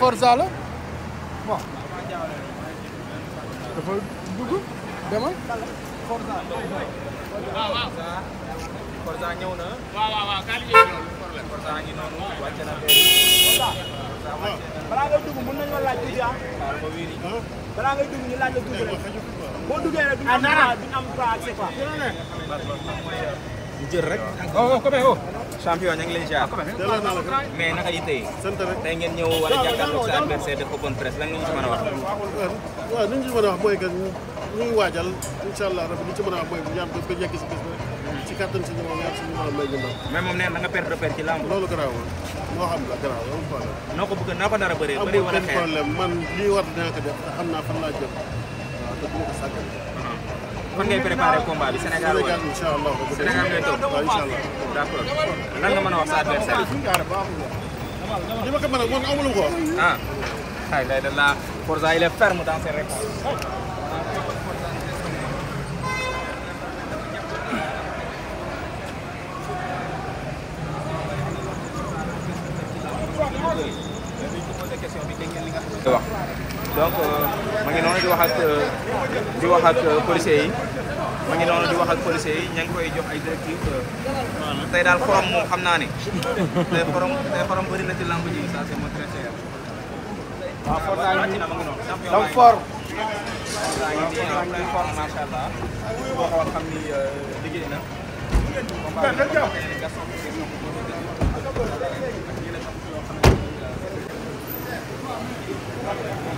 Forza la bon dafa dugg demal Forza waaw waaw Forza ñëw na waaw waaw waaw ka li problème Forza ngi noonu wàcc na balaa ngay dugg mën nañu la laaj tuuti ah. balaa ngay dugg ñu laaj la tuuti rek boo duggee rek duñu am ah, droit duñu am droit ak c'est pas jël rek champion ñu ngi lay jaar ah, mais naka yi tey tey ngeen ñëw war a jàkkaarloo sa adversaire def open press lan nga ñu ci mën a wax waaw li ñu ci mën a wax mooy que ñu ngi waajal incha allah rabbi li ci mën a wax mooy ñaan ko yegg si bis ba ci kattan si ñoom yàlla suñu maanaam may ñu ndaw mais moom nee na nga perte de perte ci lamb loolu garaaw moo xam la garaaw amul problème noo ko bëgg noo ko nar a bëree bëri wala xeex amul problème man lii war dinaa ko def te xam naa fan laa jëm waaw te du ma ko sàggal uh-huh. fan ngay préparé combat bi Sénégal wala Sénégal ngay toog d' accord lan nga mën a wax sa adversaire yi. li ma ko mën a mën amul ko. ah xay lay de la Forza il est ferme dans ses réponses. wax donc euh, ma ngi noonu di wax ak euh, di wax ak euh, policiers yi ma ngi noonu di wax ak policiers yi ña ngi koy jox ay directives tey daal xorom moom xam naa ne tey xorom tey bëri na ci lamb ji ça c'est mon très cher waaw fort naa ngi nii donc fort daa ngi allah boo na combat bi